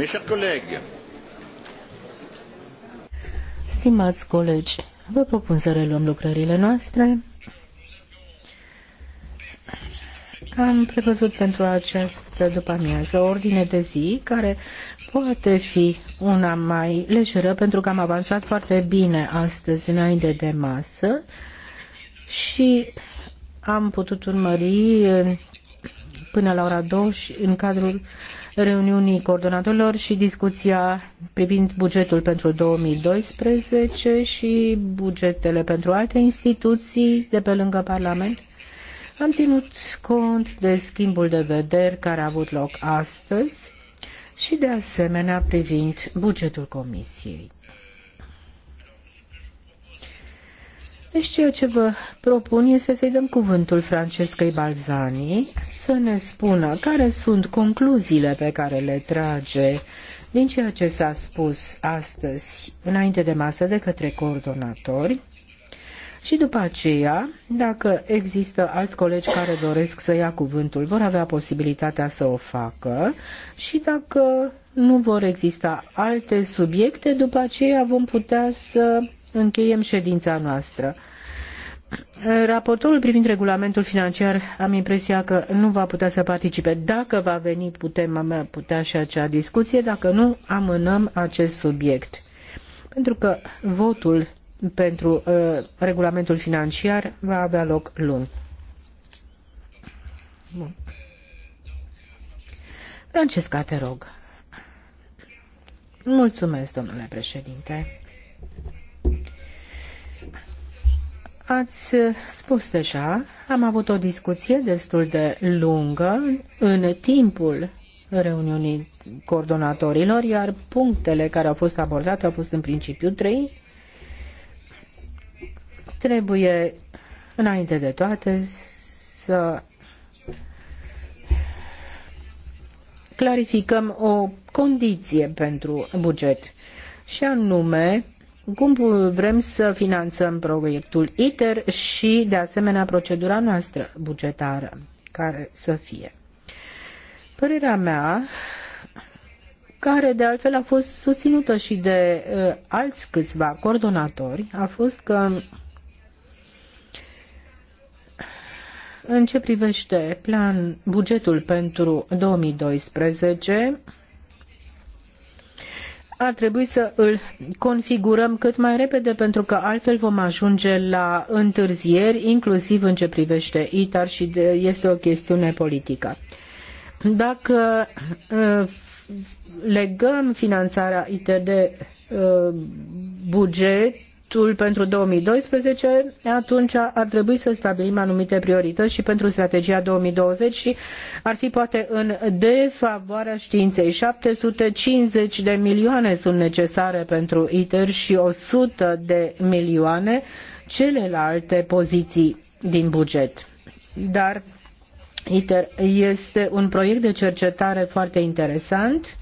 Mes chers collègues, Stimați colegi, vă propun să reluăm lucrările noastre. Am prevăzut pentru această după-amiază o ordine de zi care poate fi una mai lejeră pentru că am avansat foarte bine astăzi înainte de masă și am putut urmări până la ora 2 în cadrul reuniunii coordonatorilor și discuția privind bugetul pentru 2012 și bugetele pentru alte instituții de pe lângă Parlament. Am ținut cont de schimbul de vederi care a avut loc astăzi și de asemenea privind bugetul Comisiei. Deci ceea ce vă propun este să-i dăm cuvântul Francescăi Balzani să ne spună care sunt concluziile pe care le trage din ceea ce s-a spus astăzi înainte de masă de către coordonatori și după aceea, dacă există alți colegi care doresc să ia cuvântul, vor avea posibilitatea să o facă și dacă nu vor exista alte subiecte, după aceea vom putea să încheiem ședința noastră. Raportorul privind regulamentul financiar am impresia că nu va putea să participe. Dacă va veni, putem putea și acea discuție, dacă nu, amânăm acest subiect. Pentru că votul pentru uh, regulamentul financiar va avea loc luni. Bun. Francesca, te rog. Mulțumesc, domnule președinte. Ați spus deja, am avut o discuție destul de lungă în timpul reuniunii coordonatorilor, iar punctele care au fost abordate au fost în principiu trei. Trebuie, înainte de toate, să clarificăm o condiție pentru buget, și anume cum vrem să finanțăm proiectul ITER și, de asemenea, procedura noastră bugetară care să fie. Părerea mea, care de altfel a fost susținută și de uh, alți câțiva coordonatori, a fost că în ce privește plan bugetul pentru 2012, ar trebui să îl configurăm cât mai repede pentru că altfel vom ajunge la întârzieri, inclusiv în ce privește ITAR și de, este o chestiune politică. Dacă uh, legăm finanțarea ITER de uh, buget, bugetul pentru 2012, atunci ar trebui să stabilim anumite priorități și pentru strategia 2020 și ar fi poate în defavoarea științei. 750 de milioane sunt necesare pentru ITER și 100 de milioane celelalte poziții din buget. Dar ITER este un proiect de cercetare foarte interesant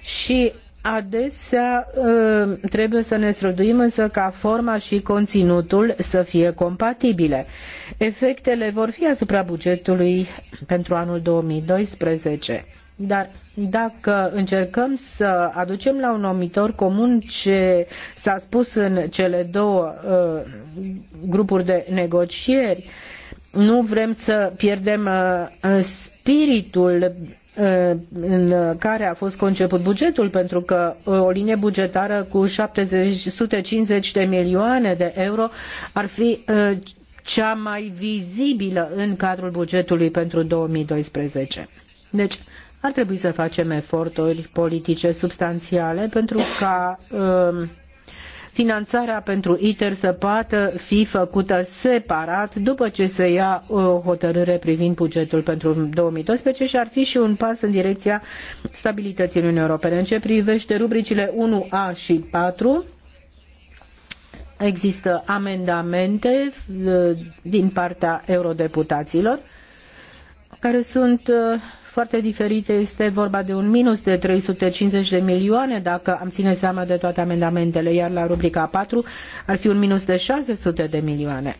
și Adesea uh, trebuie să ne străduim însă ca forma și conținutul să fie compatibile. Efectele vor fi asupra bugetului pentru anul 2012. Dar dacă încercăm să aducem la un omitor comun ce s-a spus în cele două uh, grupuri de negocieri, nu vrem să pierdem uh, spiritul Uh, în care a fost conceput bugetul, pentru că uh, o linie bugetară cu 750 de milioane de euro ar fi uh, cea mai vizibilă în cadrul bugetului pentru 2012. Deci, ar trebui să facem eforturi politice substanțiale pentru ca finanțarea pentru ITER să poată fi făcută separat după ce se ia o uh, hotărâre privind bugetul pentru 2012 și ar fi și un pas în direcția stabilității Uniunii Europene. În ce privește rubricile 1A și 4, există amendamente uh, din partea eurodeputaților care sunt uh, foarte diferite. Este vorba de un minus de 350 de milioane dacă am ține seama de toate amendamentele, iar la rubrica 4 ar fi un minus de 600 de milioane.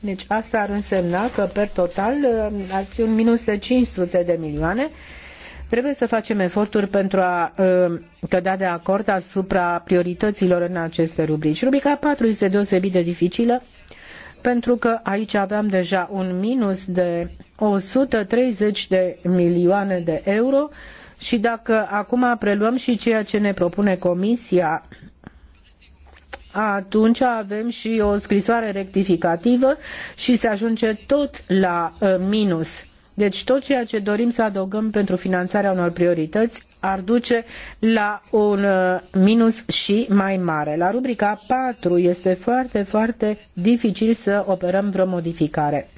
Deci asta ar însemna că, per total, uh, ar fi un minus de 500 de milioane. Trebuie să facem eforturi pentru a uh, cădea de acord asupra priorităților în aceste rubrici. Rubrica 4 este deosebit de dificilă pentru că aici aveam deja un minus de 130 de milioane de euro și dacă acum preluăm și ceea ce ne propune Comisia atunci avem și o scrisoare rectificativă și se ajunge tot la uh, minus. Deci tot ceea ce dorim să adăugăm pentru finanțarea unor priorități ar duce la un uh, minus și mai mare. La rubrica 4 este foarte, foarte dificil să operăm vreo modificare.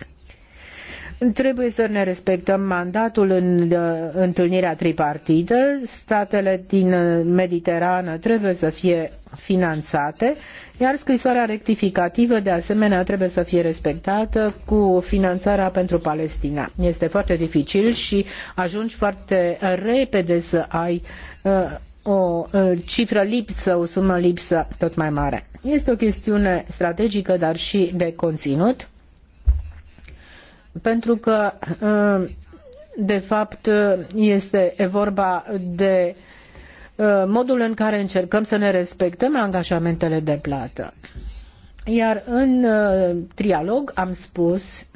Trebuie să ne respectăm mandatul în uh, întâlnirea tripartită. Statele din uh, Mediterană trebuie să fie finanțate, iar scrisoarea rectificativă de asemenea trebuie să fie respectată cu finanțarea pentru Palestina. Este foarte dificil și ajungi foarte repede să ai uh, o uh, cifră lipsă, o sumă lipsă tot mai mare. Este o chestiune strategică, dar și de conținut pentru că uh, de fapt uh, este vorba de uh, modul în care încercăm să ne respectăm angajamentele de plată. Iar în trialog am spus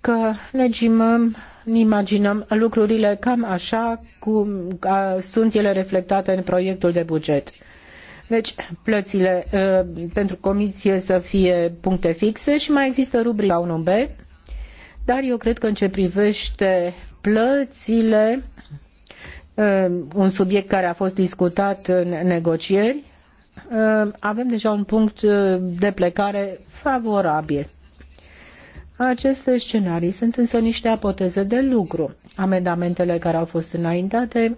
că legimăm, imaginăm lucrurile cam așa cum sunt ele reflectate în proiectul de buget. Deci, plățile ă, pentru comisie să fie puncte fixe și mai există rubrica 1B, dar eu cred că în ce privește plățile, ă, un subiect care a fost discutat în negocieri, ă, avem deja un punct de plecare favorabil. Aceste scenarii sunt însă niște apoteze de lucru. Amendamentele care au fost înaintate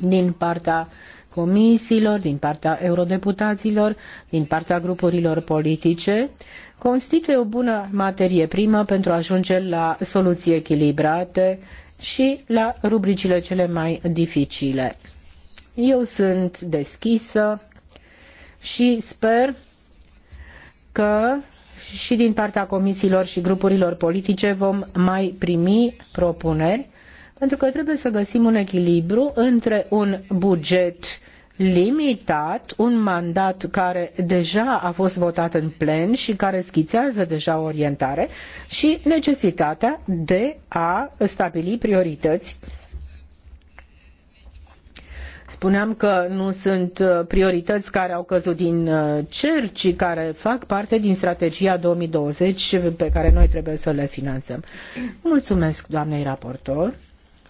din partea comisiilor, din partea eurodeputaților, din partea grupurilor politice, constituie o bună materie primă pentru a ajunge la soluții echilibrate și la rubricile cele mai dificile. Eu sunt deschisă și sper că și din partea comisiilor și grupurilor politice vom mai primi propuneri pentru că trebuie să găsim un echilibru între un buget limitat, un mandat care deja a fost votat în plen și care schițează deja o orientare și necesitatea de a stabili priorități Spuneam că nu sunt priorități care au căzut din uh, cer, ci care fac parte din strategia 2020 pe care noi trebuie să le finanțăm. Mulțumesc doamnei raportor.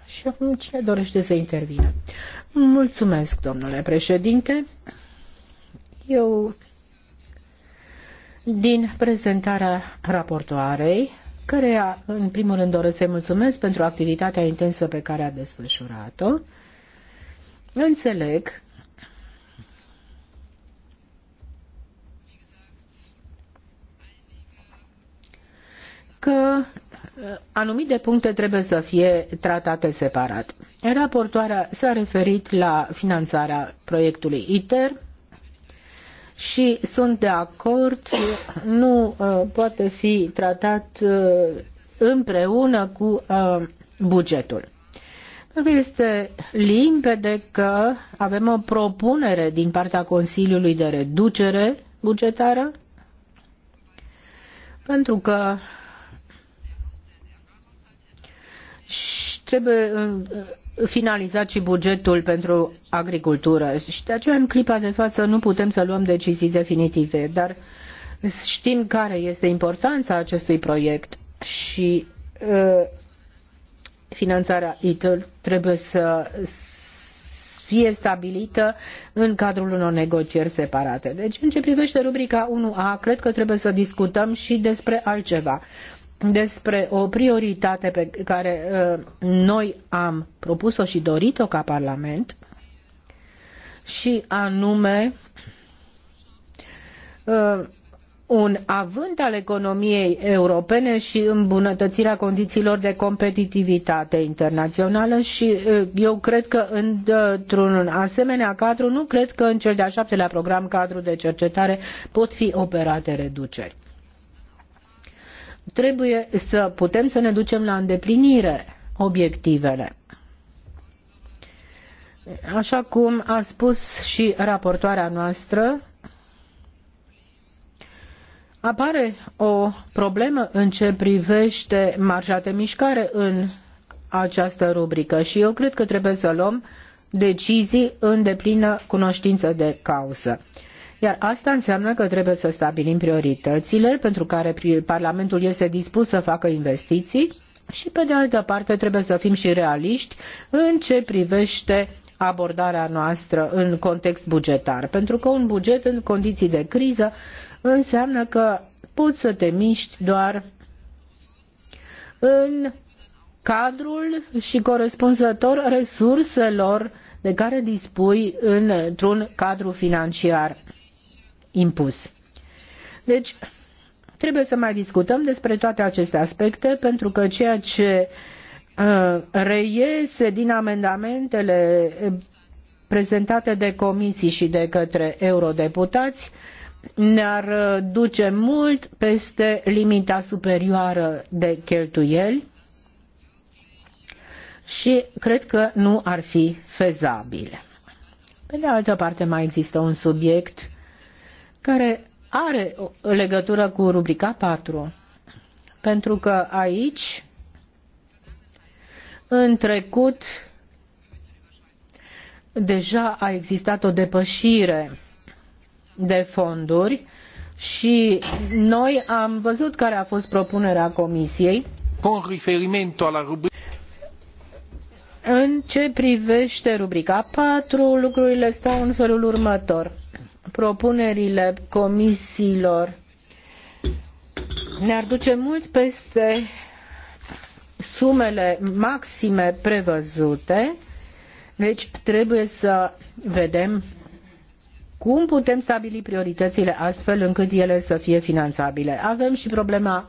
Și acum cine dorește să intervină? Mulțumesc, domnule președinte. Eu, din prezentarea raportoarei, care în primul rând doresc să-i mulțumesc pentru activitatea intensă pe care a desfășurat-o, înțeleg că anumite puncte trebuie să fie tratate separat. Raportoarea s-a referit la finanțarea proiectului ITER și sunt de acord, nu uh, poate fi tratat uh, împreună cu uh, bugetul. Este limpede că avem o propunere din partea Consiliului de reducere bugetară, pentru că trebuie uh, uh, finalizat și bugetul pentru agricultură. Și de aceea, în clipa de față, nu putem să luăm decizii definitive, dar știm care este importanța acestui proiect și uh, finanțarea ITER trebuie să fie stabilită în cadrul unor negocieri separate. Deci, în ce privește rubrica 1A, cred că trebuie să discutăm și despre altceva despre o prioritate pe care uh, noi am propus-o și dorit-o ca Parlament și anume uh, un avânt al economiei europene și îmbunătățirea condițiilor de competitivitate internațională și uh, eu cred că într-un asemenea cadru, nu cred că în cel de-al șaptelea program cadru de cercetare pot fi operate reduceri trebuie să putem să ne ducem la îndeplinire obiectivele. Așa cum a spus și raportoarea noastră, apare o problemă în ce privește marja de mișcare în această rubrică și eu cred că trebuie să luăm decizii în deplină cunoștință de cauză. Iar asta înseamnă că trebuie să stabilim prioritățile pentru care Parlamentul este dispus să facă investiții și pe de altă parte trebuie să fim și realiști în ce privește abordarea noastră în context bugetar, pentru că un buget în condiții de criză înseamnă că poți să te miști doar în cadrul și corespunzător resurselor de care dispui într-un cadru financiar impus. Deci, trebuie să mai discutăm despre toate aceste aspecte, pentru că ceea ce uh, reiese din amendamentele uh, prezentate de comisii și de către eurodeputați ne-ar uh, duce mult peste limita superioară de cheltuieli și cred că nu ar fi fezabil. Pe de altă parte, mai există un subiect care are legătură cu rubrica 4. Pentru că aici, în trecut, deja a existat o depășire de fonduri și noi am văzut care a fost propunerea Comisiei. Con riferimento alla în ce privește rubrica 4, lucrurile stau în felul următor propunerile comisiilor ne-ar duce mult peste sumele maxime prevăzute, deci trebuie să vedem cum putem stabili prioritățile astfel încât ele să fie finanțabile. Avem și problema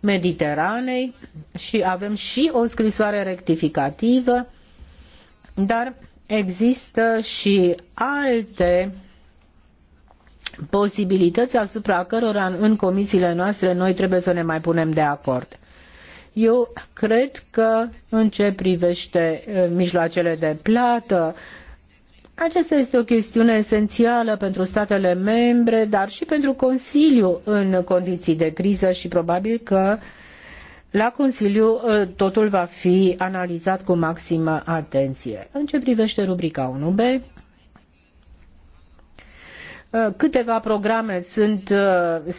Mediteranei și avem și o scrisoare rectificativă, dar există și alte posibilități asupra cărora în comisiile noastre noi trebuie să ne mai punem de acord. Eu cred că în ce privește mijloacele de plată, aceasta este o chestiune esențială pentru statele membre, dar și pentru Consiliu în condiții de criză și probabil că la Consiliu totul va fi analizat cu maximă atenție. În ce privește rubrica 1b, Uh, câteva programe sunt uh,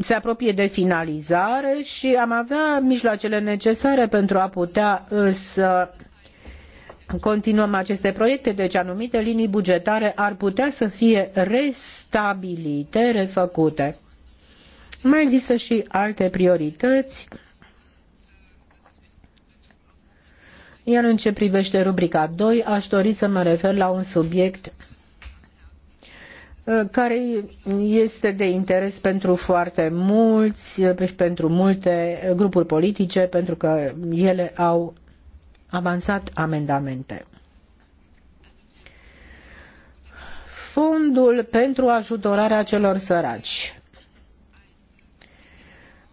se apropie de finalizare și am avea mijloacele necesare pentru a putea uh, să continuăm aceste proiecte, deci anumite linii bugetare ar putea să fie restabilite, refăcute. Mai există și alte priorități. Iar în ce privește rubrica 2, aș dori să mă refer la un subiect Uh, care este de interes pentru foarte mulți, uh, pentru multe uh, grupuri politice, pentru că ele au avansat amendamente. Fondul pentru ajutorarea celor săraci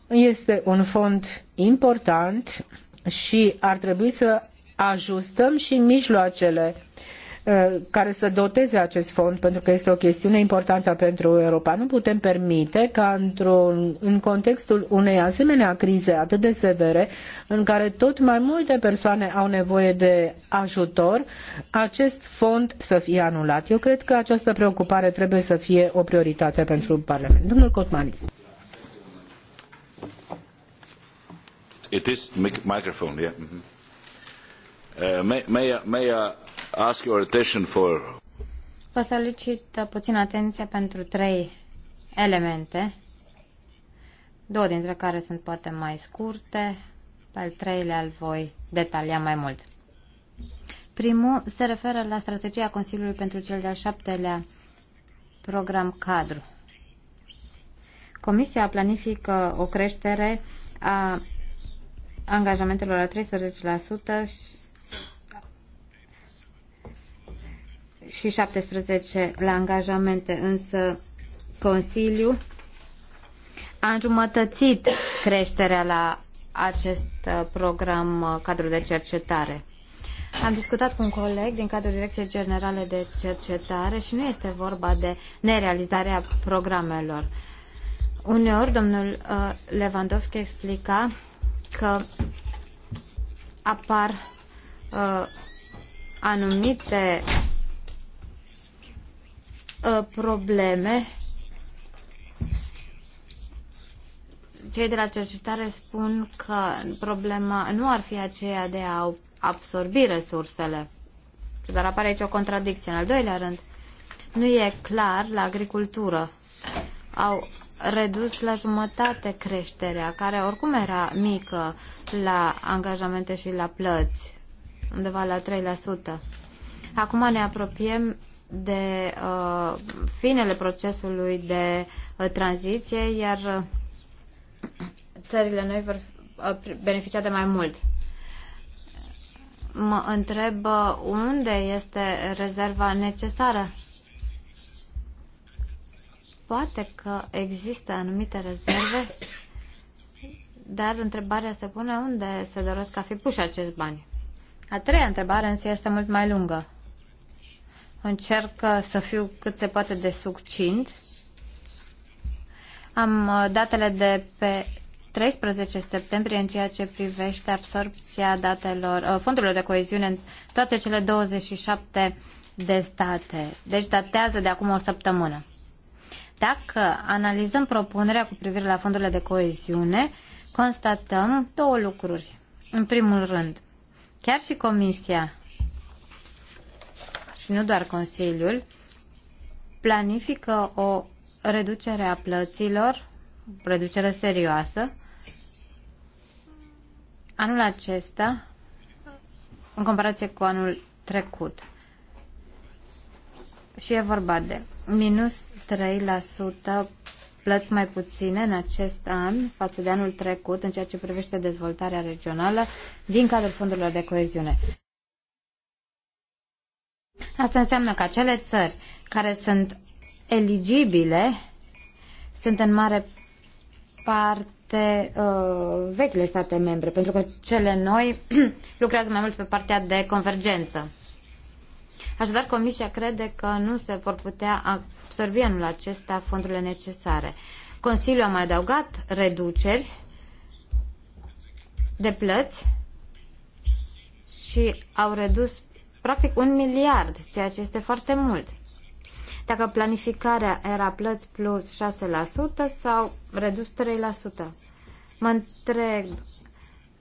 este un fond important și ar trebui să ajustăm și mijloacele uh, Uh, care să doteze acest fond, pentru că este o chestiune importantă pentru Europa. Nu putem permite ca în contextul unei asemenea crize atât de severe, în care tot mai multe persoane au nevoie de ajutor, acest fond să fie anulat. Eu cred că această preocupare trebuie să fie o prioritate pentru Parlament. Domnul Cotmanis. It is microphone, yeah. Mm -hmm. uh, may, may, may, uh ask your attention for... Vă solicit puțin atenție pentru trei elemente, două dintre care sunt poate mai scurte, pe al treilea îl voi detalia mai mult. Primul se referă la strategia Consiliului pentru cel de-al șaptelea program cadru. Comisia planifică o creștere a angajamentelor la 13% și 17 la angajamente, însă Consiliul a înjumătățit creșterea la acest uh, program uh, cadru de cercetare. Am discutat cu un coleg din cadrul Direcției Generale de Cercetare și nu este vorba de nerealizarea programelor. Uneori, domnul uh, Lewandowski explica că apar anumite Uh, probleme. Cei de la cercetare spun că problema nu ar fi aceea de a absorbi resursele, dar apare aici o contradicție. În al doilea rând, nu e clar la agricultură. Au redus la jumătate creșterea, care oricum era mică la angajamente și la plăți, undeva la 3%. Acum ne apropiem de uh, finele procesului de uh, tranziție, iar uh, țările noi vor uh, beneficia de mai mult. Mă întreb uh, unde este rezerva necesară. Poate că există anumite rezerve, dar întrebarea se pune unde se doresc a fi puși acești bani. A treia întrebare însă este mult mai lungă încerc uh, să fiu cât se poate de succint. Am uh, datele de pe 13 septembrie în ceea ce privește absorpția datelor, uh, fondurilor de coeziune în toate cele 27 de state. Deci datează de acum o săptămână. Dacă analizăm propunerea cu privire la fondurile de coeziune, constatăm două lucruri. În primul rând, chiar și Comisia și nu doar Consiliul, planifică o reducere a plăților, reducere serioasă. Anul acesta, în comparație cu anul trecut. Și e vorba de minus 3% plăți mai puține în acest an față de anul trecut în ceea ce privește dezvoltarea regională din cadrul fondurilor de coeziune. Asta înseamnă că acele țări care sunt eligibile sunt în mare parte uh, vechile state membre, pentru că cele noi lucrează mai mult pe partea de convergență. Așadar, Comisia crede că nu se vor putea absorbi anul acesta fondurile necesare. Consiliul a mai adăugat reduceri de plăți și au redus practic un miliard, ceea ce este foarte mult. Dacă planificarea era plăți plus 6% sau redus 3%. Mă întreb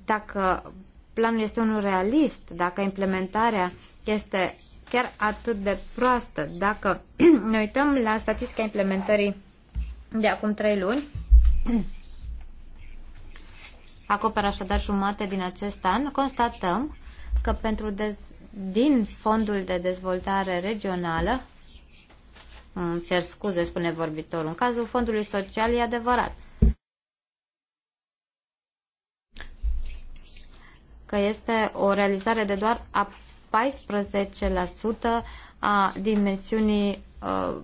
dacă planul este unul realist, dacă implementarea este chiar atât de proastă. Dacă ne uităm la statistica implementării de acum 3 luni, acoperă așadar jumate din acest an, constatăm că pentru dez- din Fondul de Dezvoltare Regională, îmi cer scuze, spune vorbitorul, în cazul Fondului Social e adevărat. că este o realizare de doar a 14% a dimensiunii uh,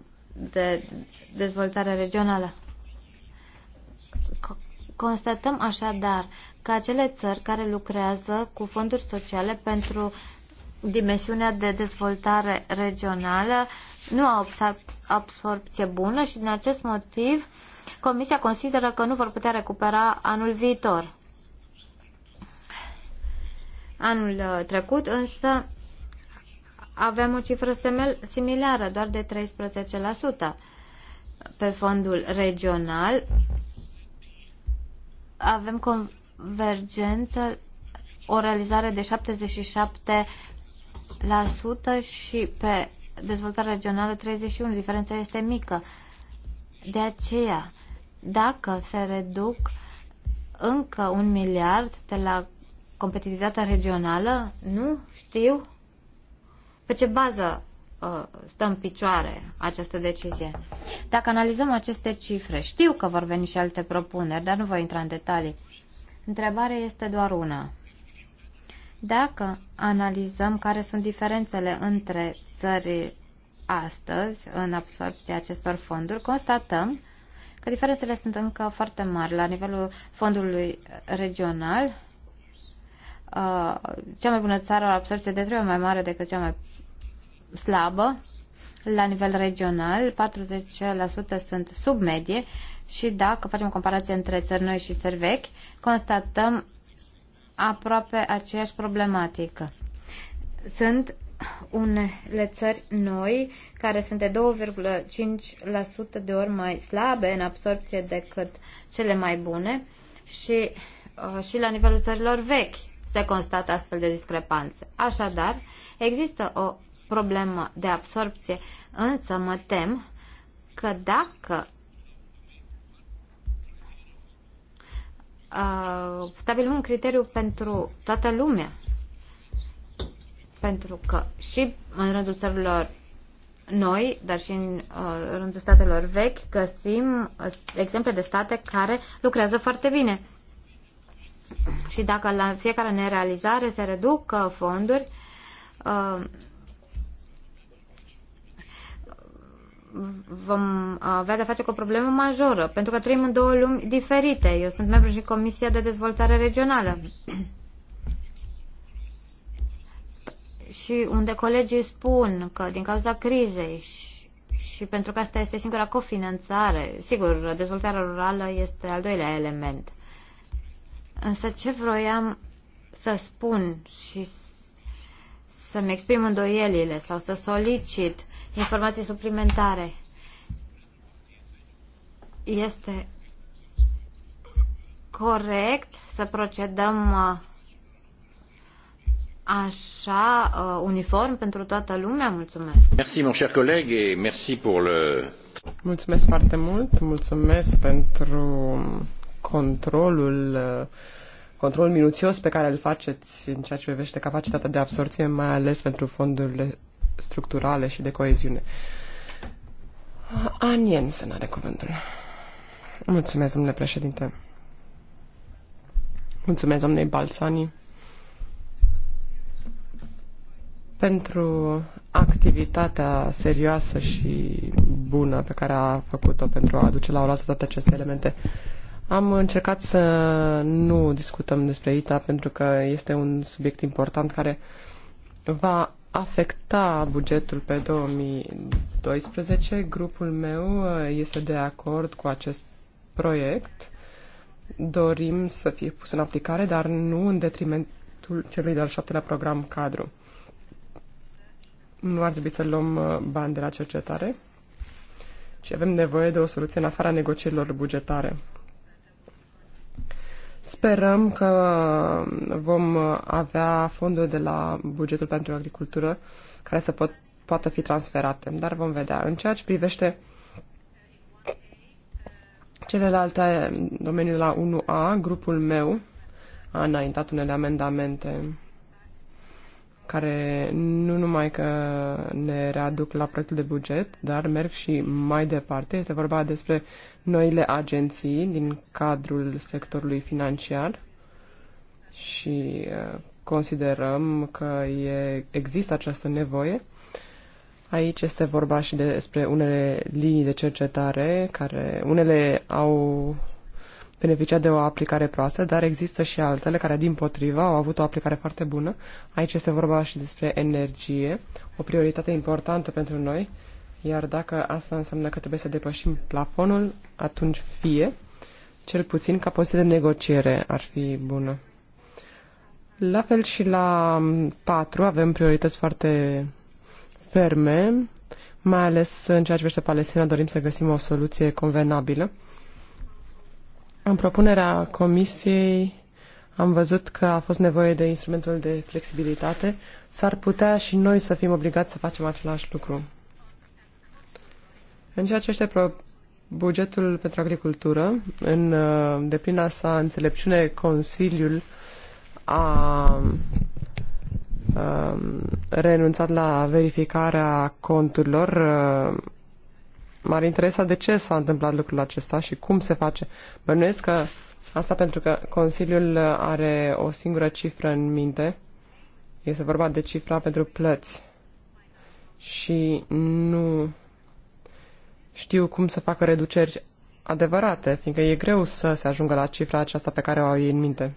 de dezvoltare regională. Constatăm așadar că acele țări care lucrează cu fonduri sociale pentru dimensiunea de dezvoltare regională nu au absorpție bună și din acest motiv Comisia consideră că nu vor putea recupera anul viitor. Anul uh, trecut însă avem o cifră similară, doar de 13% pe fondul regional. Avem convergență, o realizare de 77 și pe dezvoltare regională 31. Diferența este mică. De aceea, dacă se reduc încă un miliard de la competitivitatea regională, nu știu pe ce bază uh, stă în picioare această decizie. Dacă analizăm aceste cifre, știu că vor veni și alte propuneri, dar nu voi intra în detalii. Întrebarea este doar una. Dacă analizăm care sunt diferențele între țări astăzi în absorpția acestor fonduri, constatăm că diferențele sunt încă foarte mari. La nivelul fondului regional, uh, cea mai bună țară o absorpție de trei ori mai mare decât cea mai slabă. La nivel regional, 40% sunt sub medie și dacă facem comparație între țări noi și țări vechi, constatăm aproape aceeași problematică. Sunt unele țări noi care sunt de 2,5% de ori mai slabe în absorpție decât cele mai bune și uh, și la nivelul țărilor vechi se constată astfel de discrepanțe. Așadar, există o problemă de absorpție, însă mă tem că dacă Uh, stabilim un criteriu pentru toată lumea. Pentru că și în rândul țărilor noi, dar și în uh, rândul statelor vechi, găsim uh, exemple de state care lucrează foarte bine. Și dacă la fiecare nerealizare se reduc uh, fonduri, uh, vom avea de-a face cu o problemă majoră, pentru că trăim în două lumi diferite. Eu sunt membru și Comisia de Dezvoltare Regională. și unde colegii spun că din cauza crizei și, și pentru că asta este singura cofinanțare, sigur, dezvoltarea rurală este al doilea element. Însă ce vroiam să spun și să-mi exprim îndoielile sau să solicit informații suplimentare. Este corect să procedăm uh, așa uh, uniform pentru toată lumea? Mulțumesc. Merci, mon cher coleg, et merci pour le... Mulțumesc foarte mult, mulțumesc pentru controlul uh, control minuțios pe care îl faceți în ceea ce privește capacitatea de absorție, mai ales pentru fondurile structurale și de coeziune. An n are cuvântul. Mulțumesc, domnule președinte. Mulțumesc, domnului Balsani, pentru activitatea serioasă și bună pe care a făcut-o pentru a aduce la oaltă toate aceste elemente. Am încercat să nu discutăm despre ITA pentru că este un subiect important care va afecta bugetul pe 2012. Grupul meu uh, este de acord cu acest proiect. Dorim să fie pus în aplicare, dar nu în detrimentul celui de-al șaptelea program cadru. Nu ar trebui să luăm uh, bani de la cercetare și avem nevoie de o soluție în afara negocierilor bugetare. Sperăm că vom avea fonduri de la bugetul pentru agricultură care să pot, poată fi transferate, dar vom vedea. În ceea ce privește celelalte domenii de la 1A, grupul meu a înaintat unele amendamente care nu numai că ne readuc la proiectul de buget, dar merg și mai departe. Este vorba despre noile agenții din cadrul sectorului financiar și uh, considerăm că e, există această nevoie. Aici este vorba și despre unele linii de cercetare care unele au beneficiat de o aplicare proastă, dar există și altele care, din potriva, au avut o aplicare foarte bună. Aici este vorba și despre energie, o prioritate importantă pentru noi, iar dacă asta înseamnă că trebuie să depășim plafonul, atunci fie, cel puțin ca poziție de negociere ar fi bună. La fel și la 4 mm, avem priorități foarte ferme, mai ales în ceea ce privește Palestina dorim să găsim o soluție convenabilă. În propunerea comisiei am văzut că a fost nevoie de instrumentul de flexibilitate. S-ar putea și noi să fim obligați să facem același lucru. În ceea ce este Bugetul pentru agricultură, în uh, deplina sa înțelepciune, Consiliul a um, renunțat la verificarea conturilor. Uh, m-ar interesa de ce s-a întâmplat lucrul acesta și cum se face. Bănuiesc că asta pentru că Consiliul are o singură cifră în minte. Este vorba de cifra pentru plăți. Și nu știu cum să facă reduceri adevărate, fiindcă e greu să se ajungă la cifra aceasta pe care o au ei în minte.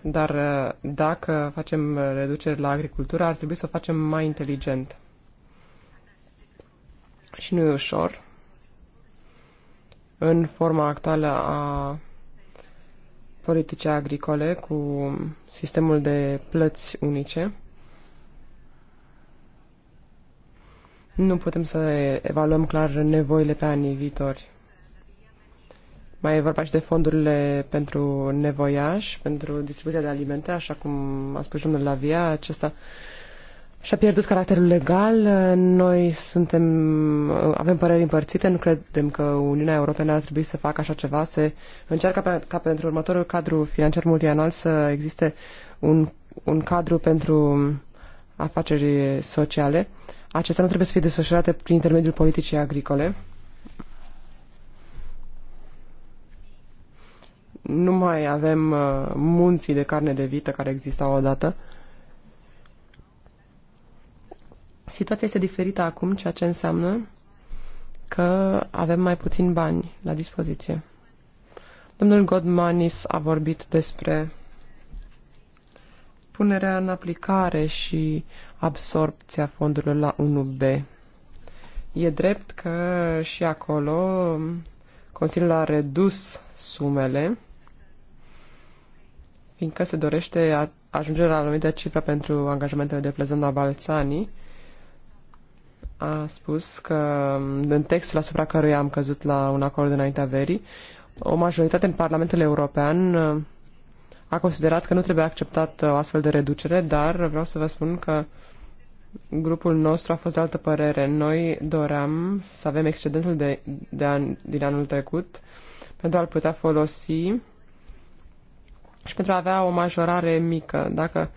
Dar uh, dacă facem reduceri la agricultură, ar trebui să o facem mai inteligent. Și nu e ușor. În forma actuală a politicii agricole, cu sistemul de plăți unice, Nu putem să evaluăm clar nevoile pe anii viitori. Mai e vorba și de fondurile pentru nevoiași, pentru distribuția de alimente, așa cum a spus domnul Lavia, acesta și-a pierdut caracterul legal. Noi suntem, avem păreri împărțite, nu credem că Uniunea Europeană ar trebui să facă așa ceva. Se încearcă pe, ca pentru următorul cadru financiar multianual să existe un, un cadru pentru afaceri sociale Acestea nu trebuie să fie desfășurate prin intermediul politicii agricole. Nu mai avem uh, munții de carne de vită care existau odată. Situația este diferită acum, ceea ce înseamnă că avem mai puțin bani la dispoziție. Domnul Godmanis a vorbit despre punerea în aplicare și absorpția fondurilor la 1B. E drept că și acolo Consiliul a redus sumele, fiindcă se dorește ajungerea la anumită cifră pentru angajamentele de plezând la Balțanii, a spus că în textul asupra căruia am căzut la un acord înaintea verii, o majoritate în Parlamentul European a considerat că nu trebuie acceptat uh, o astfel de reducere, dar vreau să vă spun că grupul nostru a fost de altă părere. Noi doream să avem excedentul de, de an, din anul trecut pentru a-l putea folosi și pentru a avea o majorare mică. Dacă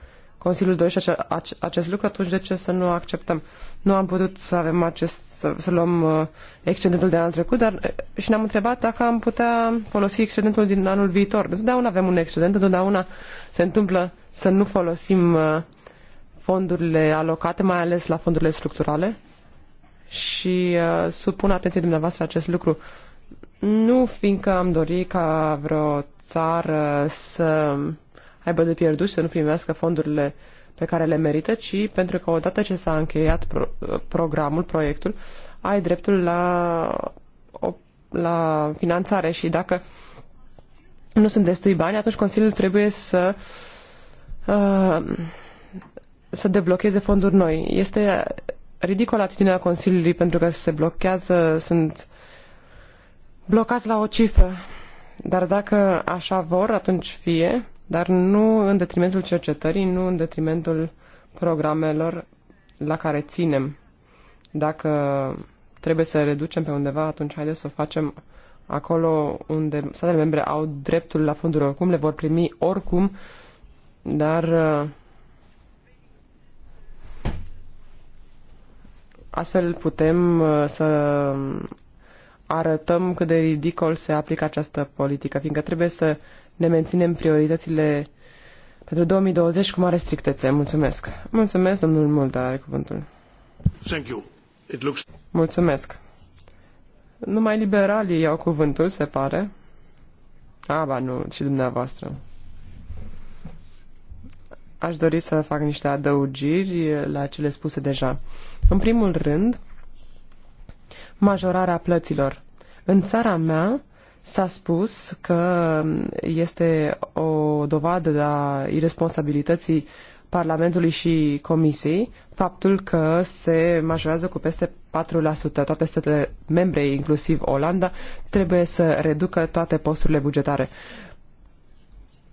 Consiliul dorește acest lucru, atunci de ce să nu acceptăm? Nu am putut să avem acest, să, să luăm uh, excedentul de anul trecut, dar uh, și ne-am întrebat dacă am putea folosi excedentul din anul viitor. Întotdeauna avem un excedent, întotdeauna se întâmplă să nu folosim uh, fondurile alocate, mai ales la fondurile structurale și uh, supun atenție dumneavoastră acest lucru. Nu fiindcă am dorit ca vreo țară să aibă de pierdut și să nu primească fondurile pe care le merită, ci pentru că odată ce s-a încheiat pro- programul, proiectul, ai dreptul la, o, la finanțare și dacă nu sunt destui bani, atunci Consiliul trebuie să uh, să deblocheze fonduri noi. Este ridicolă atitudinea Consiliului pentru că se blochează, sunt blocați la o cifră. Dar dacă așa vor, atunci fie dar nu în detrimentul cercetării, nu în detrimentul programelor la care ținem. Dacă trebuie să reducem pe undeva, atunci haideți să o facem acolo unde statele membre au dreptul la fonduri oricum, le vor primi oricum, dar uh, astfel putem uh, să arătăm cât de ridicol se aplică această politică, fiindcă trebuie să ne menținem prioritățile pentru 2020 cu mare strictețe. Mulțumesc. Mulțumesc, domnul Mulder, are cuvântul. Thank you. It looks... Mulțumesc. Numai liberalii iau cuvântul, se pare. A, ba nu, și dumneavoastră. Aș dori să fac niște adăugiri la cele spuse deja. În primul rând, majorarea plăților. În țara mea, S-a spus că este o dovadă a irresponsabilității Parlamentului și Comisiei faptul că se majorează cu peste 4%. Toate statele membre, inclusiv Olanda, trebuie să reducă toate posturile bugetare.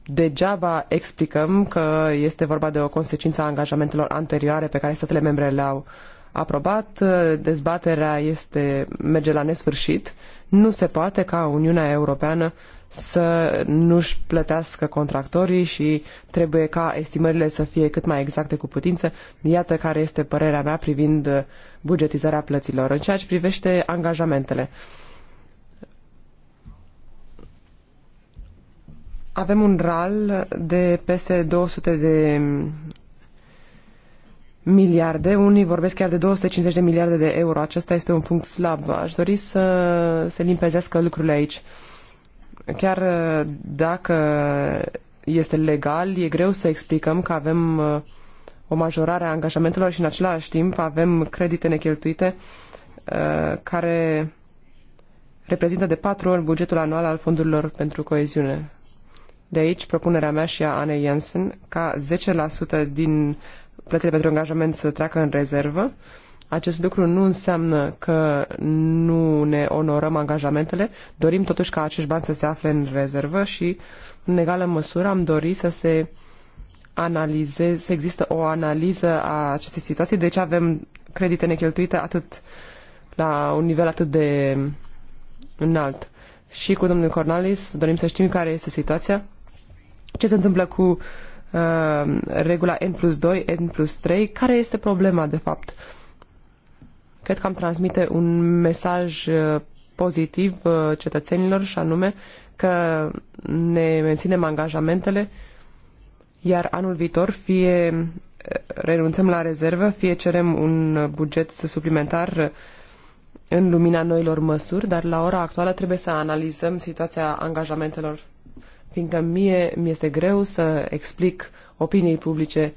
Degeaba explicăm că este vorba de o consecință a angajamentelor anterioare pe care statele membre le-au aprobat. Dezbaterea este, merge la nesfârșit nu se poate ca Uniunea Europeană să nu-și plătească contractorii și trebuie ca estimările să fie cât mai exacte cu putință. Iată care este părerea mea privind bugetizarea plăților. În ceea ce privește angajamentele, avem un RAL de peste 200 de miliarde, unii vorbesc chiar de 250 de miliarde de euro. Acesta este un punct slab. Aș dori să se limpezească lucrurile aici. Chiar uh, dacă este legal, e greu să explicăm că avem uh, o majorare a angajamentelor și în același timp avem credite necheltuite uh, care reprezintă de patru ori bugetul anual al fondurilor pentru coeziune. De aici propunerea mea și a Anei Jensen ca 10% din plățile pentru angajament să treacă în rezervă. Acest lucru nu înseamnă că nu ne onorăm angajamentele. Dorim totuși ca acești bani să se afle în rezervă și, în egală măsură, am dorit să se analizeze, să există o analiză a acestei situații. Deci avem credite necheltuite atât la un nivel atât de înalt. Și cu domnul Cornalis dorim să știm care este situația, ce se întâmplă cu uh, Uh, regula N plus 2, N plus 3. Care este problema, de fapt? Cred că am transmite un mesaj uh, pozitiv uh, cetățenilor și anume că ne menținem angajamentele, iar anul viitor fie renunțăm la rezervă, fie cerem un buget suplimentar în lumina noilor măsuri, dar la ora actuală trebuie să analizăm situația angajamentelor fiindcă mie mi-este greu să explic opiniei publice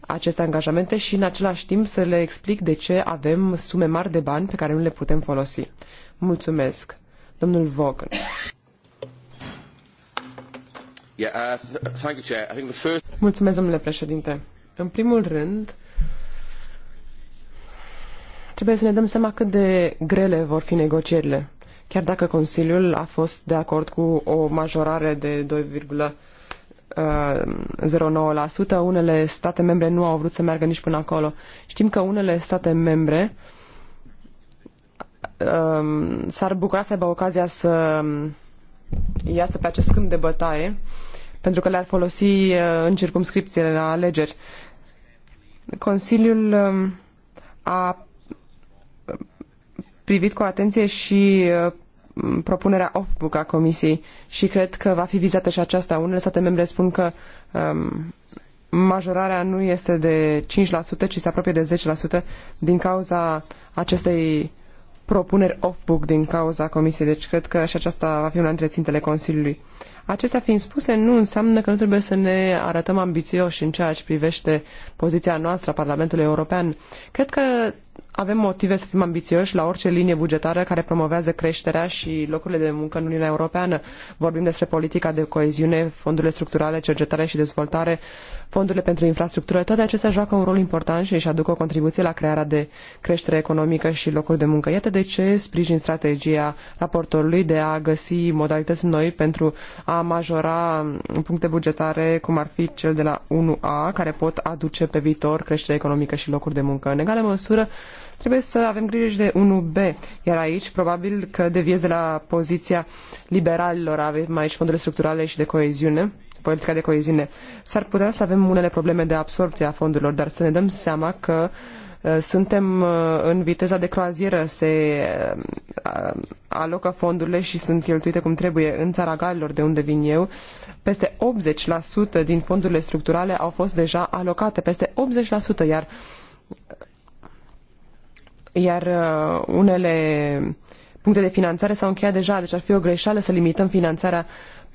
aceste angajamente și în același timp să le explic de ce avem sume mari de bani pe care nu le putem folosi. Mulțumesc. Domnul Vaughan. Mulțumesc, domnule președinte. În primul rând, trebuie să ne dăm seama cât de grele vor fi negocierile chiar dacă Consiliul a fost de acord cu o majorare de 2,09%, uh, unele state membre nu au vrut să meargă nici până acolo. Știm că unele state membre um, s-ar bucura să aibă ocazia să iasă pe acest câmp de bătaie, pentru că le-ar folosi uh, în circumscripțiile la alegeri. Consiliul um, a privit cu atenție și uh, propunerea off-book a Comisiei și cred că va fi vizată și aceasta. Unele state membre spun că um, majorarea nu este de 5%, ci se apropie de 10% din cauza acestei propuneri off-book din cauza Comisiei. Deci cred că și aceasta va fi una dintre țintele Consiliului. Acestea fiind spuse, nu înseamnă că nu trebuie să ne arătăm ambițioși în ceea ce privește poziția noastră a Parlamentului European. Cred că avem motive să fim ambițioși la orice linie bugetară care promovează creșterea și locurile de muncă în Uniunea Europeană. Vorbim despre politica de coeziune, fondurile structurale, cercetare și dezvoltare, fondurile pentru infrastructură. Toate acestea joacă un rol important și își aduc o contribuție la crearea de creștere economică și locuri de muncă. Iată de ce sprijin strategia raportorului de a găsi modalități noi pentru a majora puncte bugetare, cum ar fi cel de la 1A, care pot aduce pe viitor creștere economică și locuri de muncă. În egală măsură, trebuie să avem grijă și de 1B. Iar aici, probabil că deviez de la poziția liberalilor, avem aici fondurile structurale și de coeziune politica de coeziune. S-ar putea să avem unele probleme de absorpție a fondurilor, dar să ne dăm seama că uh, suntem uh, în viteza de croazieră, se uh, alocă fondurile și sunt cheltuite cum trebuie. În țara Galilor, de unde vin eu, peste 80% din fondurile structurale au fost deja alocate, peste 80%, iar iar uh, unele puncte de finanțare s-au încheiat deja, deci ar fi o greșeală să limităm finanțarea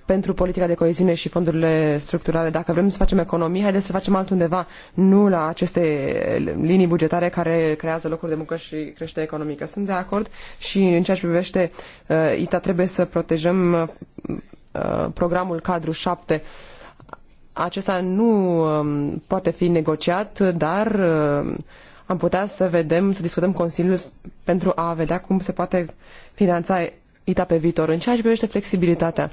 pentru politica de coeziune și fondurile structurale. Dacă vrem să facem economii, haideți să facem altundeva, nu la aceste linii bugetare care creează locuri de muncă și crește economică. Sunt de acord și în ceea ce privește uh, ITA trebuie să protejăm uh, programul cadru 7. Acesta nu uh, poate fi negociat, dar uh, am putea să vedem, să discutăm Consiliul pentru a vedea cum se poate finanța ITA pe viitor. În ceea ce privește flexibilitatea,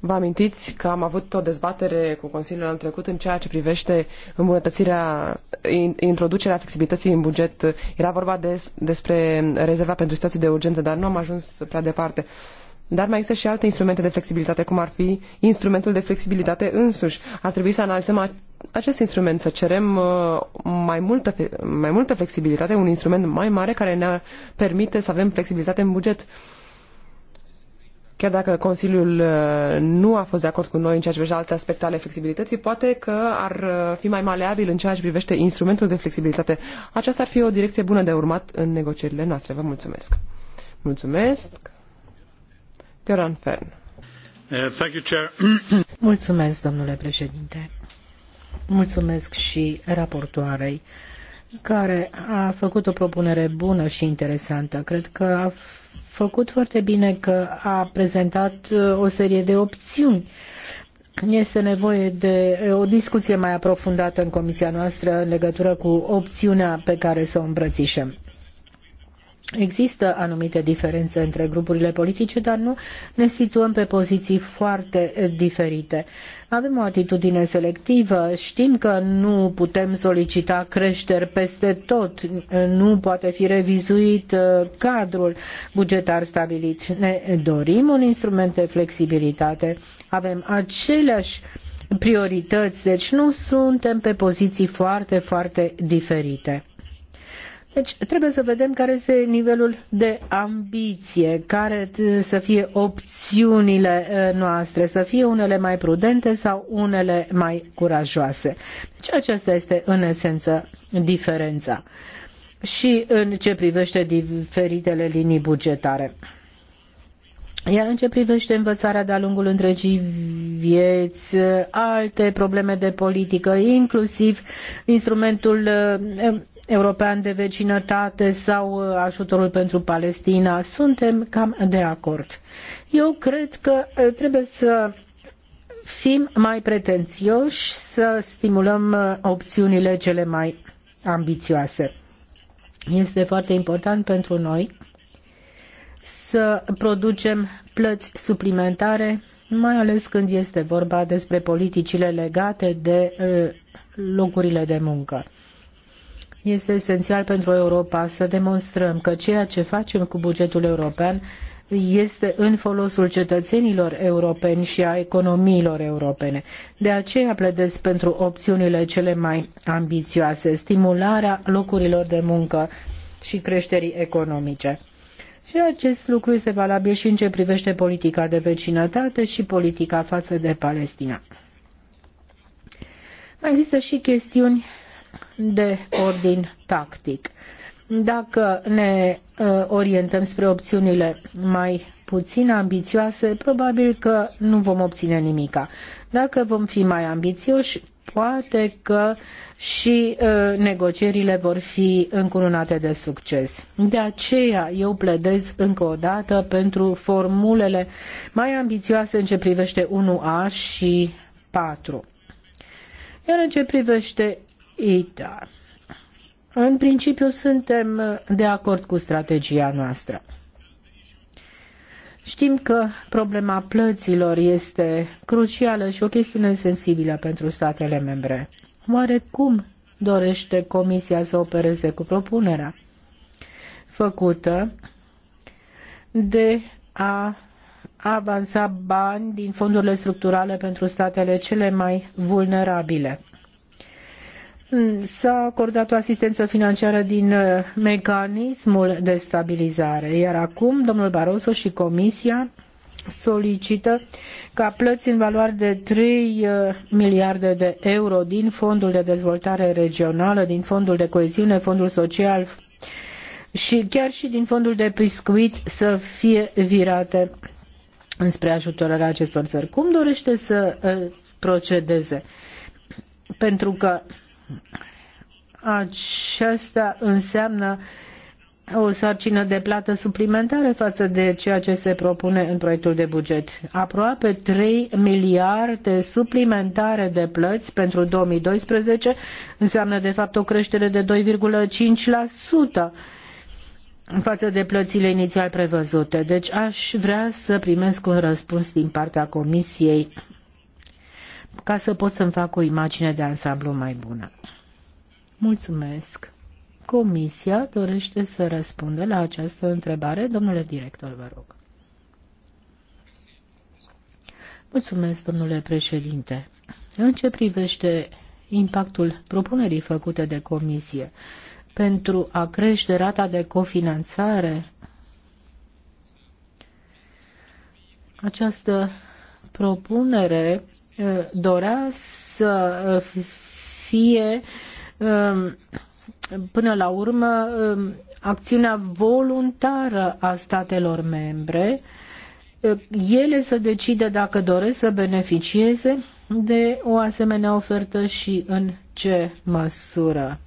Vă amintiți că am avut o dezbatere cu Consiliul anul trecut în ceea ce privește îmbunătățirea, introducerea flexibilității în buget. Era vorba des, despre rezerva pentru situații de urgență, dar nu am ajuns prea departe. Uh, dar mai există și alte instrumente de flexibilitate, cum ar fi instrumentul de flexibilitate însuși. Ar trebui să analizăm acest instrument, să cerem uh, mai multă, mai multă flexibilitate, un instrument mai mare care ne permite să avem flexibilitate în buget. Chiar dacă Consiliul uh, nu a fost de acord cu noi în ceea ce privește alte aspecte ale flexibilității, poate că ar uh, fi mai maleabil în ceea ce privește instrumentul de flexibilitate. Aceasta ar fi o direcție bună de urmat în negocierile noastre. Vă mulțumesc! Mulțumesc! Uh, Mulțumesc, domnule președinte. Mulțumesc și raportoarei care a făcut o propunere bună și interesantă. Cred că a făcut foarte bine că a prezentat uh, o serie de opțiuni. Este nevoie de uh, o discuție mai aprofundată în comisia noastră în legătură cu opțiunea pe care să o îmbrățișăm. Există anumite diferențe între grupurile politice, dar nu ne situăm pe poziții foarte eh, diferite. Avem o atitudine selectivă, știm că nu putem solicita creșteri peste tot, eh, nu poate fi revizuit eh, cadrul bugetar stabilit. Ne dorim un instrument de flexibilitate, avem aceleași priorități, deci nu suntem pe poziții foarte, foarte diferite. Deci trebuie să vedem care este nivelul de ambiție, care să fie opțiunile uh, noastre, să fie unele mai prudente sau unele mai curajoase. Deci aceasta este în esență diferența. Și în ce privește diferitele linii bugetare. Iar în ce privește învățarea de-a lungul întregii vieți, uh, alte probleme de politică, inclusiv instrumentul uh, european de vecinătate sau uh, ajutorul pentru Palestina. Suntem cam de acord. Eu cred că uh, trebuie să fim mai pretențioși, să stimulăm uh, opțiunile cele mai ambițioase. Este foarte important pentru noi să producem plăți suplimentare, mai ales când este vorba despre politicile legate de locurile de muncă. Este esențial pentru Europa să demonstrăm că ceea ce facem cu bugetul european este în folosul cetățenilor europeni și a economiilor europene. De aceea pledez pentru opțiunile cele mai ambițioase, stimularea locurilor de muncă și creșterii economice. Și acest lucru este valabil și în ce privește politica de vecinătate și politica față de Palestina. Mai există și chestiuni de ordin tactic. Dacă ne uh, orientăm spre opțiunile mai puțin ambițioase, probabil că nu vom obține nimica. Dacă vom fi mai ambițioși, poate că și uh, negocierile vor fi încununate de succes. De aceea eu pledez încă o dată pentru formulele mai ambițioase în ce privește 1A și 4. Iar în ce privește ITA. În principiu suntem de acord cu strategia noastră. Știm că problema plăților este crucială și o chestiune sensibilă pentru statele membre. Oare cum dorește Comisia să opereze cu propunerea făcută de a avansa bani din fondurile structurale pentru statele cele mai vulnerabile? s-a acordat o asistență financiară din uh, mecanismul de stabilizare, iar acum domnul Barroso și Comisia solicită ca plăți în valoare de 3 uh, miliarde de euro din Fondul de Dezvoltare Regională, din Fondul de Coeziune, Fondul Social și chiar și din Fondul de Pescuit să fie virate înspre ajutorarea acestor țări. Cum dorește să uh, procedeze? Pentru că aceasta înseamnă o sarcină de plată suplimentară față de ceea ce se propune în proiectul de buget. Aproape 3 miliarde suplimentare de plăți pentru 2012 înseamnă de fapt o creștere de 2,5% față de plățile inițial prevăzute. Deci aș vrea să primesc un răspuns din partea Comisiei ca să pot să-mi fac o imagine de ansamblu mai bună. Mulțumesc. Comisia dorește să răspundă la această întrebare. Domnule director, vă rog. Mulțumesc, domnule președinte. În ce privește impactul propunerii făcute de comisie pentru a crește rata de cofinanțare, această propunere Uh, dorea să uh, fie um, până la urmă um, acțiunea voluntară a statelor membre, uh, ele să decidă dacă doresc să beneficieze de o asemenea ofertă și în ce măsură.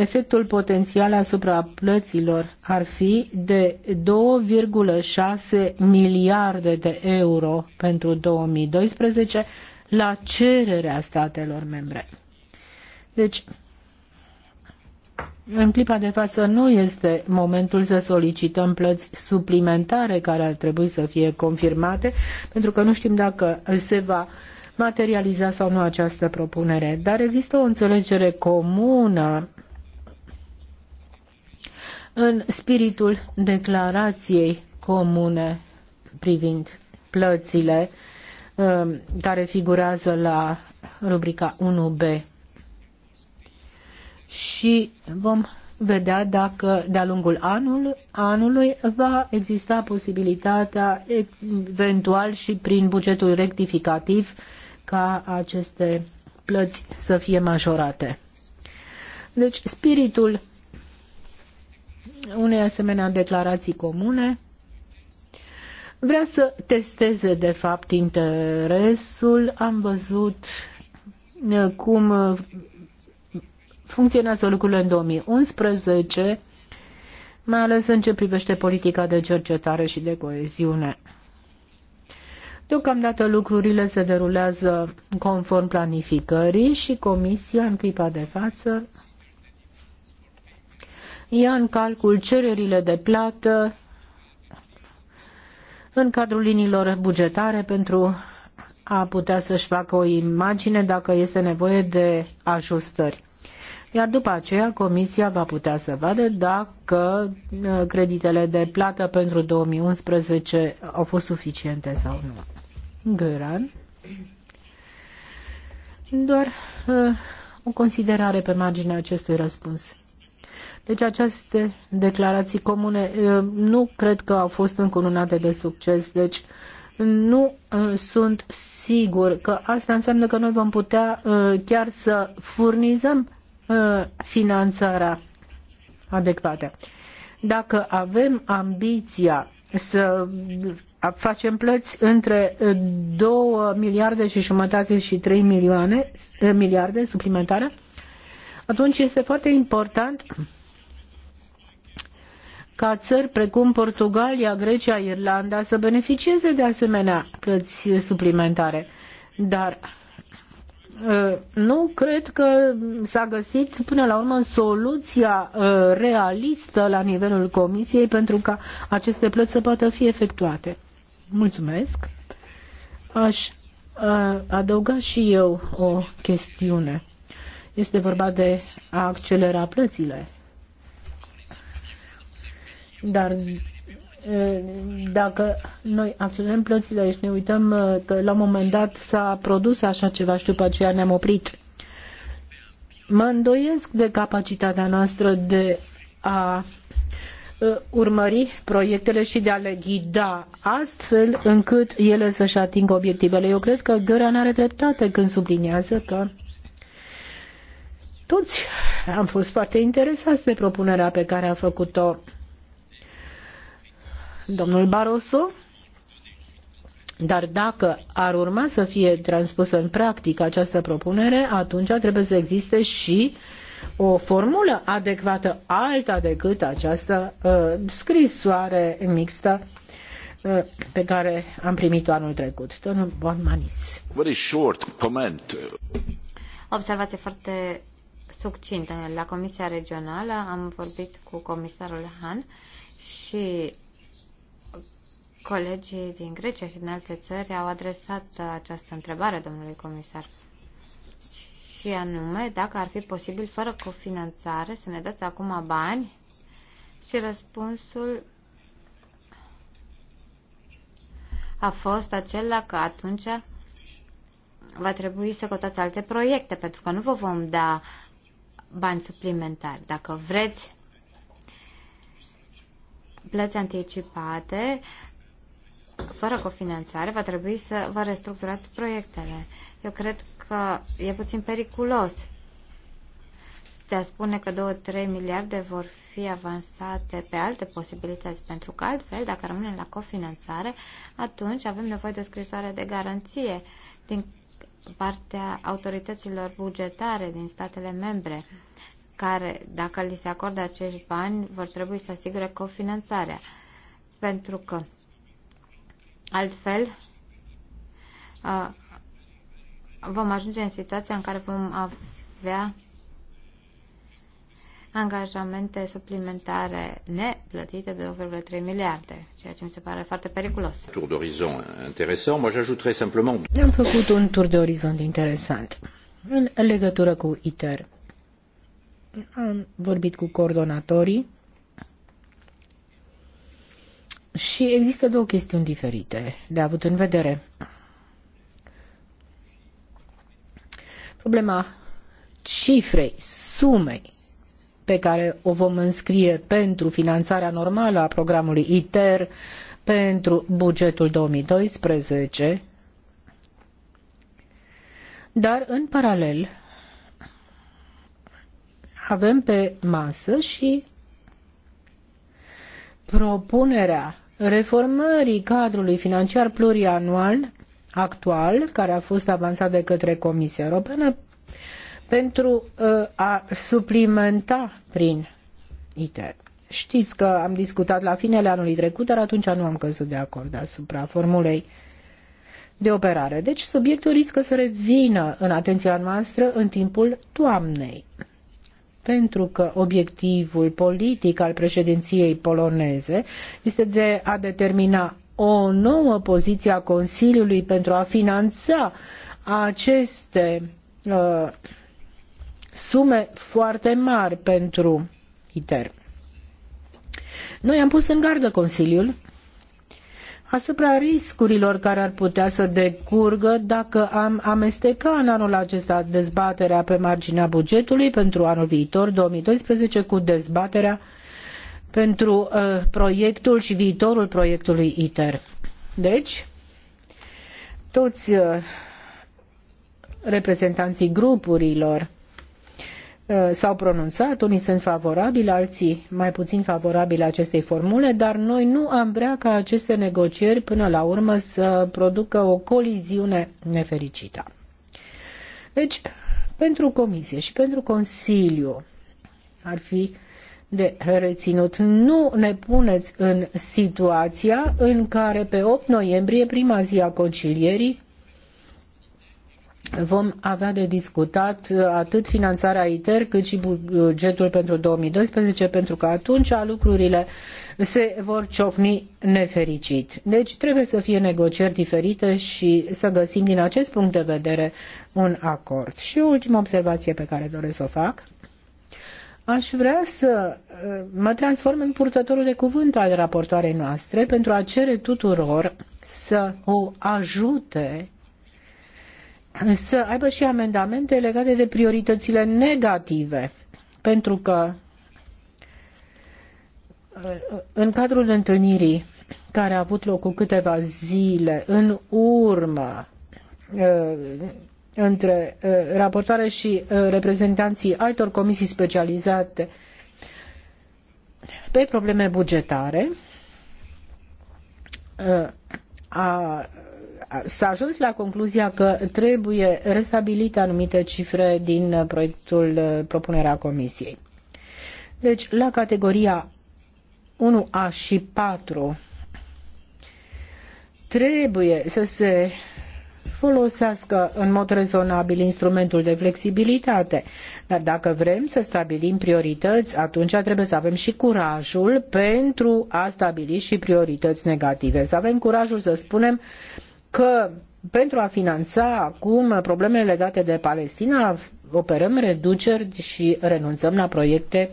Efectul potențial asupra plăților ar fi de 2,6 miliarde de euro pentru 2012 la cererea statelor membre. Deci, în clipa de față nu este momentul să solicităm plăți suplimentare care ar trebui să fie confirmate, pentru că nu știm dacă se va materializa sau nu această propunere. Dar există o înțelegere comună în spiritul declarației comune privind plățile um, care figurează la rubrica 1b. Și vom vedea dacă de-a lungul anul, anului va exista posibilitatea eventual și prin bugetul rectificativ ca aceste plăți să fie majorate. Deci spiritul unei asemenea declarații comune vrea să testeze de fapt interesul. Am văzut uh, cum uh, funcționează lucrurile în 2011, mai ales în ce privește politica de cercetare și de coeziune. Deocamdată lucrurile se derulează conform planificării și Comisia, în clipa de față, ia în calcul cererile de plată în cadrul liniilor bugetare pentru a putea să-și facă o imagine dacă este nevoie de ajustări. Iar după aceea, Comisia va putea să vadă dacă uh, creditele de plată pentru 2011 au fost suficiente sau nu. Găran. Doar uh, o considerare pe marginea acestui răspuns. Deci aceste declarații comune nu cred că au fost încununate de succes. Deci nu sunt sigur că asta înseamnă că noi vom putea chiar să furnizăm finanțarea adecvată. Dacă avem ambiția să facem plăți între 2 miliarde și jumătate și 3 milioane, miliarde suplimentare, atunci este foarte important ca țări precum Portugalia, Grecia, Irlanda să beneficieze de asemenea plăți suplimentare. Dar ă, nu cred că s-a găsit până la urmă soluția ă, realistă la nivelul Comisiei pentru ca aceste plăți să poată fi efectuate. Mulțumesc. Aș ă, adăuga și eu o chestiune. Este vorba de a accelera plățile dar dacă noi acționăm plățile și ne uităm că la un moment dat s-a produs așa ceva și după aceea ne-am oprit, mă îndoiesc de capacitatea noastră de a urmări proiectele și de a le ghida astfel încât ele să-și atingă obiectivele. Eu cred că Găran are dreptate când subliniază că toți am fost foarte interesați de propunerea pe care a făcut-o domnul Barroso, dar dacă ar urma să fie transpusă în practică această propunere, atunci trebuie să existe și o formulă adecvată alta decât această uh, scrisoare mixtă uh, pe care am primit-o anul trecut. Domnul Manis. Very short comment. Observație foarte succintă. La Comisia Regională am vorbit cu comisarul Han și Colegii din Grecia și din alte țări au adresat această întrebare domnului comisar și anume dacă ar fi posibil fără cofinanțare să ne dați acum bani și răspunsul a fost acela că atunci va trebui să cotați alte proiecte pentru că nu vă vom da bani suplimentari. Dacă vreți plăți anticipate, fără cofinanțare, va trebui să vă restructurați proiectele. Eu cred că e puțin periculos de a spune că 2-3 miliarde vor fi avansate pe alte posibilități, pentru că altfel, dacă rămânem la cofinanțare, atunci avem nevoie de o scrisoare de garanție din partea autorităților bugetare din statele membre, care, dacă li se acordă acești bani, vor trebui să asigure cofinanțarea. Pentru că Altfel, vom ajunge în situația în care vom avea angajamente suplimentare neplătite de 2,3 miliarde, ceea ce mi se pare foarte periculos. Tur de orizont interesant, moi j'ajouterais simplement... Am făcut un tur de orizont interesant în legătură cu ITER. Am vorbit cu coordonatorii și există două chestiuni diferite de avut în vedere. Problema cifrei, sumei pe care o vom înscrie pentru finanțarea normală a programului ITER pentru bugetul 2012, dar în paralel avem pe masă și propunerea reformării cadrului financiar plurianual actual, care a fost avansat de către Comisia Europeană, pentru uh, a suplimenta prin ITER. Știți că am discutat la finele anului trecut, dar atunci nu am căzut de acord asupra formulei de operare. Deci subiectul riscă să revină în atenția noastră în timpul toamnei pentru că obiectivul politic al președinției poloneze este de a determina o nouă poziție a Consiliului pentru a finanța aceste uh, sume foarte mari pentru ITER. Noi am pus în gardă Consiliul asupra riscurilor care ar putea să decurgă dacă am amesteca în anul acesta dezbaterea pe marginea bugetului pentru anul viitor 2012 cu dezbaterea pentru uh, proiectul și viitorul proiectului ITER. Deci, toți uh, reprezentanții grupurilor Uh, s-au pronunțat, unii sunt favorabili, alții mai puțin favorabili acestei formule, dar noi nu am vrea ca aceste negocieri până la urmă să producă o coliziune nefericită. Deci, pentru Comisie și pentru Consiliu ar fi de reținut. Nu ne puneți în situația în care pe 8 noiembrie, prima zi a concilierii, vom avea de discutat atât finanțarea ITER cât și bugetul pentru 2012, pentru că atunci lucrurile se vor ciocni nefericit. Deci trebuie să fie negocieri diferite și să găsim din acest punct de vedere un acord. Și ultima observație pe care doresc să o fac. Aș vrea să uh, mă transform în purtătorul de cuvânt al raportoarei noastre pentru a cere tuturor să o ajute să aibă și amendamente legate de prioritățile negative, pentru că în cadrul întâlnirii care a avut loc cu câteva zile în urmă uh, între uh, raportoare și uh, reprezentanții altor comisii specializate pe probleme bugetare, a s-a ajuns la concluzia că trebuie restabilite anumite cifre din proiectul uh, propunerea Comisiei. Deci, la categoria 1A și 4 trebuie să se folosească în mod rezonabil instrumentul de flexibilitate. Dar dacă vrem să stabilim priorități, atunci trebuie să avem și curajul pentru a stabili și priorități negative. Să avem curajul să spunem că pentru a finanța acum problemele legate de Palestina operăm reduceri și renunțăm la proiecte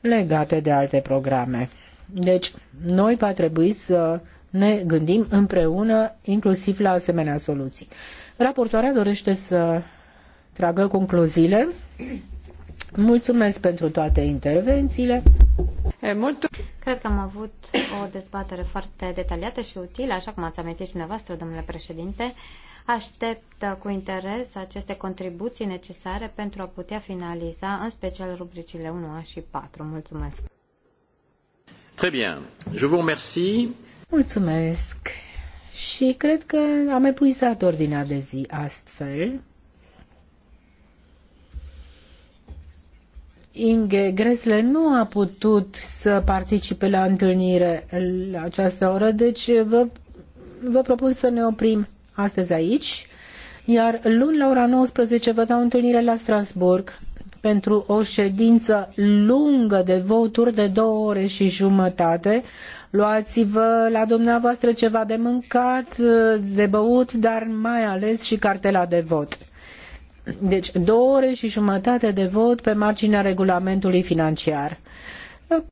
legate de alte programe. Deci, noi va trebui să ne gândim împreună inclusiv la asemenea soluții. Raportoarea dorește să tragă concluziile. Mulțumesc pentru toate intervențiile. Cred că am avut o dezbatere foarte detaliată și utilă, așa cum ați amintit și dumneavoastră, domnule președinte. Aștept cu interes aceste contribuții necesare pentru a putea finaliza, în special, rubricile 1A și 4. Mulțumesc! Très bien. Je vous remercie. Mulțumesc! Și cred că am epuizat ordinea de zi astfel. Inge Gresle nu a putut să participe la întâlnire la această oră, deci vă, vă propun să ne oprim astăzi aici, iar luni la ora 19 vă dau întâlnire la Strasburg pentru o ședință lungă de voturi de două ore și jumătate. Luați-vă la dumneavoastră ceva de mâncat, de băut, dar mai ales și cartela de vot. Deci două ore și jumătate de vot pe marginea regulamentului financiar.